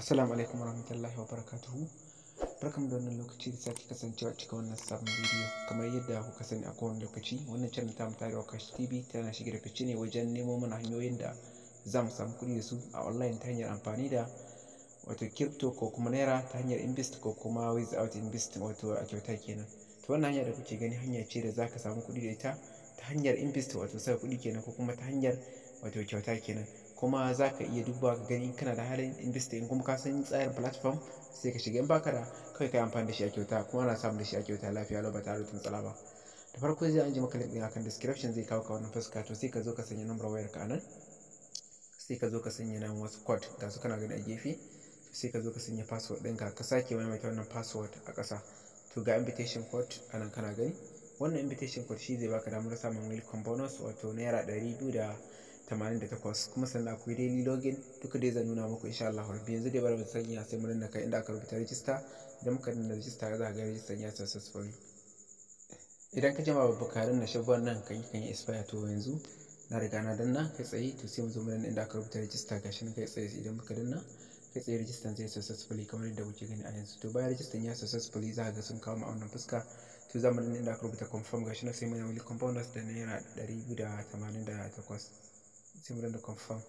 Assalamu alaikum warahmatullahi wabarakatuh. Barkan da wannan lokaci da sake kasancewa cikin wannan sabon bidiyo. Kamar yadda kuka sani a kowane lokaci, wannan channel ta mutare wa Kashi TV tana shige da fice ne wajen nemo mana hanyoyin da za mu samu kuɗi da su a online ta hanyar amfani da wato crypto ko kuma naira ta hanyar invest ko kuma without invest wato a kyauta kenan. To wannan hanya da kuke gani hanya ce da za ka samu kuɗi da ita ta hanyar invest wato sa kuɗi kenan ko kuma ta hanyar wato kyauta kenan. kuma za ka iya duba ka gani kana da halin investing kuma ka san tsarin platform sai ka shiga in baka da kai kai amfani da shi a kyauta kuma ana samun da shi a kyauta lafiya lau ba tare da matsala ba da farko zai an ji maka link din akan description zai kawo ka wannan fuska to sai ka zo ka sanya number wayar ka anan sai ka zo ka sanya nan wasu code ga su kana gani a gefe sai ka zo ka sanya password ɗinka ka sake wani mai wannan password a ƙasa to ga invitation code anan kana gani wannan invitation code shi zai baka damar samun welcome bonus wato naira ɗari biyu da 88 kuma sannan akwai daily login duka dai zan nuna muku insha Allah rabbi yanzu dai bari mu sanya sai mu danna kai inda aka rubuta register idan muka danna register za ka ga register ya successfully idan ka jama bukarin na shabban nan kan kan expire to yanzu na riga na danna kai tsaye to sai mu zo mu danna inda aka rubuta register gashi nan kai tsaye idan muka danna kai tsaye rajistan zai successfully kamar yadda kuke gani a yanzu to bayan rajistan ya successfully za ga sun kawo mu a wannan fuska to za mu danna inda aka rubuta confirm gashi na sai mu yi confirm da naira 288 sai mu dinga confirm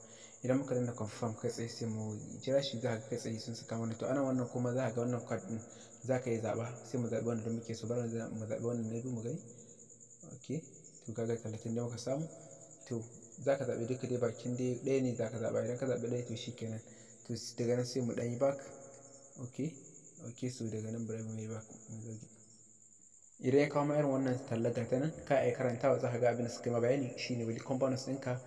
idan muka dinga confirm kai tsaye sai mu jira shi za ka kai tsaye sun saka mana to ana wannan kuma za ka ga wannan card din za ka yi zaɓa sai mu zaɓi wanda muke so bari mu zaɓi wannan na biyu mu gani ok to kaga talatin da muka samu to za ka zaɓi duka dai bakin dai ɗaya ne za ka zaɓa idan ka zaɓi ɗaya to shi kenan to daga nan sai mu ɗan yi back ok ok so daga nan bari mu yi back mu zage idan ya kawo ma irin wannan talla ta nan ka iya karantawa za ka ga abin da suka yi ma bayani shine wili components ɗinka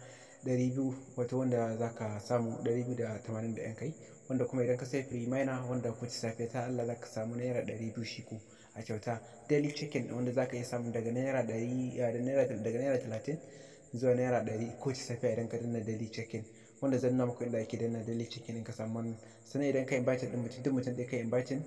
Dari biyu wato wanda za ka samu dari biyu da tamanin da yan kai wanda kuma idan ka sai free minor wanda ci safe ta Allah za ka samu naira biyu shi ko a kyauta daily chicken wanda za ka iya samu daga naira dari eh, daga naira talatin zuwa naira dari ko ci safe idan ka danna daily check-in wanda zan nuna maka inda ake danna daily check in ka samu wannan sannan idan ka invite din mutum duk mutum ɗaya ka invite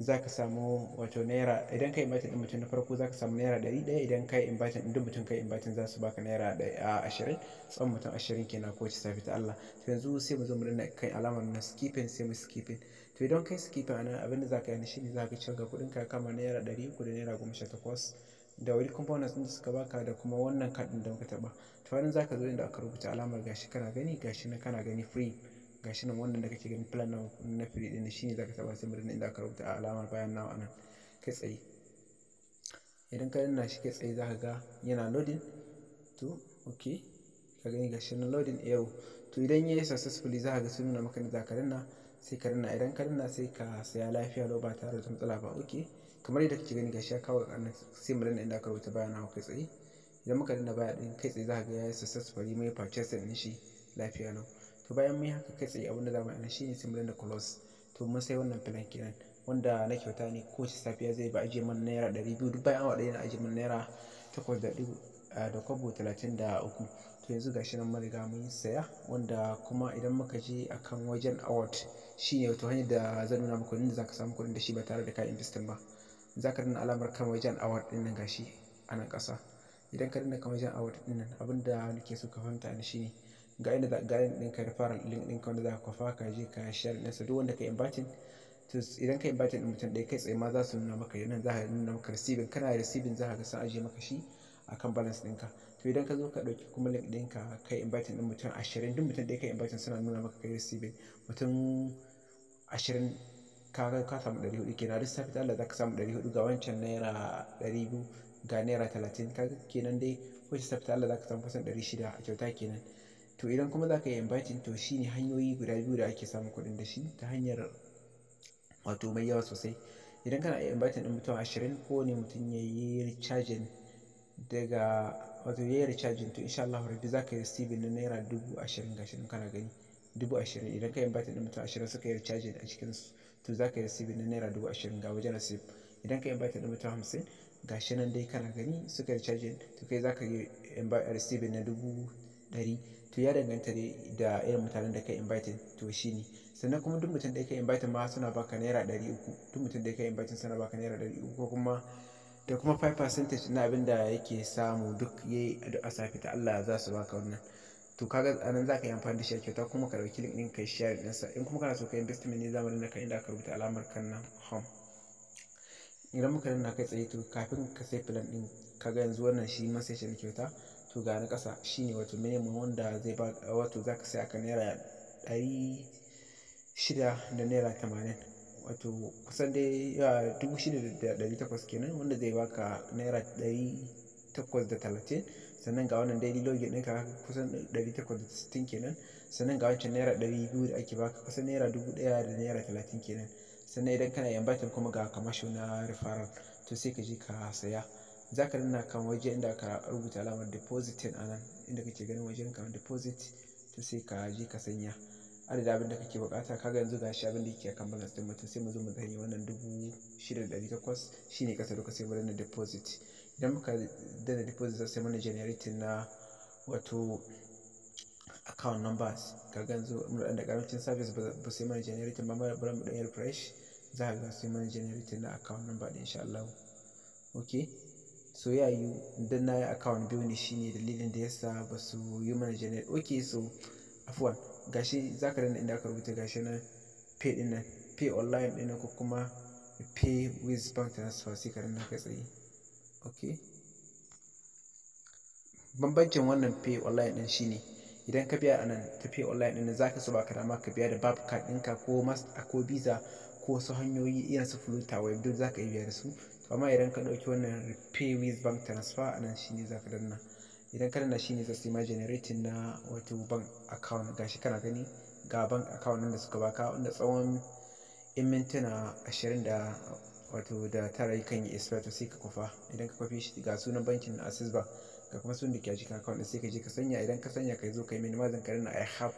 za ka samu wato naira idan ka invite ɗin mutum na farko za ka samu naira ɗari ɗaya idan ka invite ɗin duk mutum ka invite za su baka naira ashirin tsawon mutum ashirin kenan ko safi ta Allah to yanzu sai mu zo mu danna kai alamar na skipping sai mu skipping to idan kai skipping anan abinda za ka yi shine za ka ga kuɗin ka kama naira ɗari uku da naira goma sha takwas da wani components ɗin da suka baka da kuma wannan kaɗin da muka taɓa to wani za ka zo inda aka rubuta alamar gashi kana gani gashi na kana gani free ga shi nan wannan da kake gani plan na free din shine ka taɓa sai mutum inda aka rubuta a alamar bayan nawa anan kai tsaye idan ka danna shi kai tsaye ka ga yana loading to ok ka gani ga shi nan loading yau to idan yi successfully ka ga sun nuna maka za ka danna sai ka danna idan ka danna sai ka saya lafiya lau ba tare da matsala ba ok kamar yadda kake gani ga shi ya kawo sai mu danna inda aka rubuta bayan nawa kai tsaye idan muka danna baya ɗin kai tsaye ka ga ya yi successfully mai purchasing ɗin shi lafiya lau to bayan mun yi haka kai tsaye abin da za mu yi shine sai mu danna close to mun sai wannan filan kenan wanda na kyauta ne kowace safiya zai ba ajiye mana naira ɗari biyu duk bayan awa ɗaya na ajiye mana naira takwas da ɗigo eh, da kwabo talatin da uku to yanzu gashi nan mun riga mun saya wanda kuma idan muka je akan wajen award shi ne wato hanyar da zan nuna muku inda ka samu kuɗin da shi ba tare da ka investin ba za ka danna alamar kan wajen award ɗin nan gashi a nan ƙasa idan ka danna kan wajen award ɗin nan da nake so ka fahimta ne shine ga inda ga ɗinka fara link ɗinka wanda za ka kwafa ka je ka share ɗinsa duk wanda ka inviting to idan ka invite din mutum ɗaya kai tsaye ma za su nuna maka yanan za ka nuna maka receiving kana receiving za ka ga sun ajiye maka shi akan balance ɗinka to idan ka zo ka ɗauki kuma link ka kai invite din mutum ashirin duk mutum ɗaya kai invite suna nuna maka kai receiving mutum ashirin ka ka samu ɗari hudu kenan duk safi Allah za ka samu ɗari hudu ga wancan naira ɗari biyu ga naira talatin kaga kenan dai wacce safi Allah za ka samu kusan ɗari shida a kyauta kenan to idan kuma za ka yi inviting to shi ne hanyoyi guda biyu da ake samun kuɗin da shi ta hanyar wato mai yawa sosai idan kana iya inviting ɗin mutum ashirin ko ne mutum ya yi recharging daga wato ya yi recharging to insha Allah rabbi za ka yi receiving na naira dubu ashirin ga ashirin kana gani dubu ashirin idan ka yi inviting ɗin mutum ashirin suka yi recharging a cikin su to za ka yi receiving na naira dubu ashirin ga wajen receive idan ka yi inviting ɗin mutum hamsin ga shi nan dai kana gani suka yi recharging to kai za ka yi receiving na dubu ɗari to ya danganta da irin mutanen da ka invite to shi ne sannan kuma duk mutum da ka invite ma suna baka naira ɗari uku duk mutum da ka invite suna baka naira ɗari uku ko kuma da kuma 5 percentage na abin da yake samu duk yayi addu'a asafi ta Allah za su baka wannan to kaga za ka yi amfani da shi kyauta kuma ka ɗauki link ka yi share ɗin sa in kuma kana so ka investment ne mu da ka inda aka rubuta alamar kan nan home idan muka nuna kai tsaye to kafin ka sai plan ka kaga yanzu wannan shi message na kyauta to ga na ƙasa shine wato minimum wanda zai ba wato za ka saya ka naira ɗari shida da naira tamanin wato kusan dai dubu shida da ɗari takwas kenan wanda zai baka naira ɗari takwas da talatin sannan ga wannan daily login ɗinka kusan ɗari takwas da sittin kenan sannan ga wancan naira ɗari biyu da ake baka kusan naira dubu ɗaya da naira talatin kenan sannan idan kana yambatin kuma ga kamashin na referral to sai ka je ka saya za ka nuna kan waje inda aka rubuta alamar depositing a nan inda kake ganin wajen kamar deposit to sai ka je ka sanya adadin abin da kake bukata kaga yanzu shi abin da yake kan balance din mutum sai mu zo mu sanya wannan dubu shida da takwas shine kasa duka sai mu danna deposit idan muka danna deposit sai mana generating na wato account numbers kaga yanzu mun dan da karancin service ba sai mana generating ba bar mu dan refresh za ka ga sai mana generating na account number din insha Allah okay so ya yi don na yi account biyu ne shine dalilin da ya sa ba su yi mana generate ok so afuwan gashi za ka danna inda aka rubuta gashi na pay din nan pay online din ko kuma pay with bank transfer sai ka danna kai tsaye ok bambancin wannan pay online din shine idan ka biya anan ta pay online din za ka so ba ka dama ka biya da bab card ɗinka ko master ko visa ko wasu hanyoyi irin su flutter web duk za ka iya biya da su amma idan ka ɗauki wannan pay with bank transfer a nan shine za ka danna idan ka danna shine za su yi ma generating na wato bank account ga shi kana gani ga bank account nan da suka baka wanda tsawon in mintuna ashirin da wato da tara yakan yi expire to sai ka kwafa idan ka kwafi shi ga sunan bankin na Access Bank ga kuma sunan da ke cikin account sai ka je ka sanya idan ka sanya ka zo ka yi minimizing ka danna I have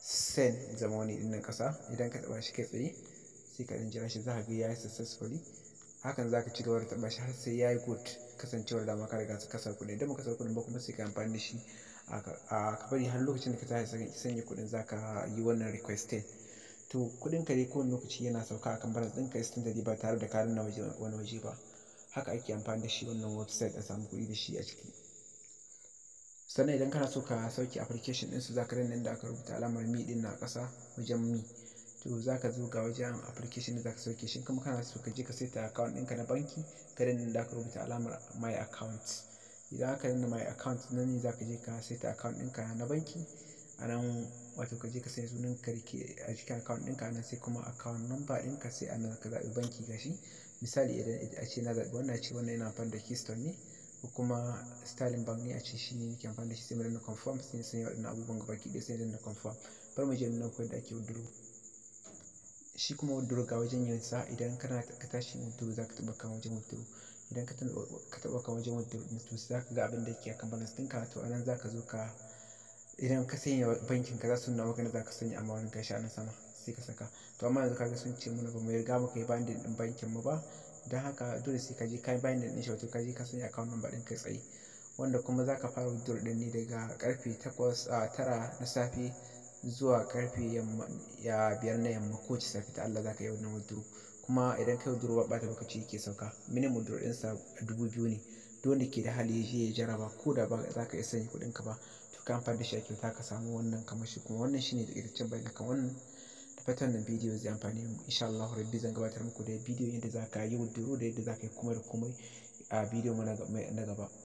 send zama wani ɗin nan kasa idan ka taɓa shi kai tsaye sai ka ɗan jira shi za ka ga yayi successfully hakan za ka ci gaba da taɓa shi har sai ya yi good kasancewar dama ka riga kasar kuɗi idan kasar kuɗin ba kuma sai ka amfani da shi a ka bari har lokacin da ka tashi sanya kuɗin za ka yi wannan requesting to kuɗin ka dai kowane lokaci yana sauka a kan balance ɗinka ya standard ba tare da ka danna waje wani waje ba haka ake amfani da shi wannan website a samu kuɗi da shi a ciki sannan idan kana so ka sauke application ɗinsu za ka danna inda aka rubuta alamar mi ɗin a ƙasa wajen mi to za ka zo ga wajen application da za ka sauke shi kuma kana so ka je ka saita account ɗinka na banki ka danna da ka rubuta alamar my account idan aka danna my account nan ne za ka je ka saita account ɗinka na banki a nan wato ka je ka sai sunan ka rike a cikin account ɗinka nan sai kuma account number ɗinka sai a nan ka zaɓi banki gashi misali idan a ce na zaɓi wannan ce wannan yana amfani da keystone ne ko kuma sterling bank ne a ce shi ne nake amfani da shi sai mu danna confirm sai sanya waɗannan abubuwan gaba ɗaya sai danna confirm bar mu je nuna ko da ake withdraw shi kuma wardrobe ga wajen sa idan kana ka tashi wardrobe za ka taɓa kan wajen wardrobe idan ka taɓa kan wajen wardrobe to za ka ga abin da yake akan balance ɗinka to anan za ka zo ka idan ka sanya bankin ka za su nuna maka za ka sanya amma wani gashi a sama sai ka saka to amma yanzu kaga sun ce mana ba mu riga muka yi bandin ɗin bankin mu ba don haka dole sai ka je ka yi bandin ɗin shi wato ka je ka sanya account number ɗin kai tsaye wanda kuma za ka fara withdrawal ɗin ne daga karfe 8 a tara na safe zuwa karfe ya biyar na yamma ci safe ta Allah za ka yi wannan wuduru kuma idan kai wuduru ba ɓata lokaci yake sauka minimum withdrew ɗinsa dubu biyu ne duk wanda ke da hali ya ya jaraba ko da ba za ka iya sanya kuɗin ka ba to ka amfani da shi a kyauta ka samu wannan kamar shi kuma wannan shine da ƙirƙircen bayan kan wannan da fatan nan bidiyo zai amfani mu insha Allah rabbi zan gabatar muku da bidiyo yadda za ka yi wuduru da yadda za ka yi kuma da komai a bidiyo na gaba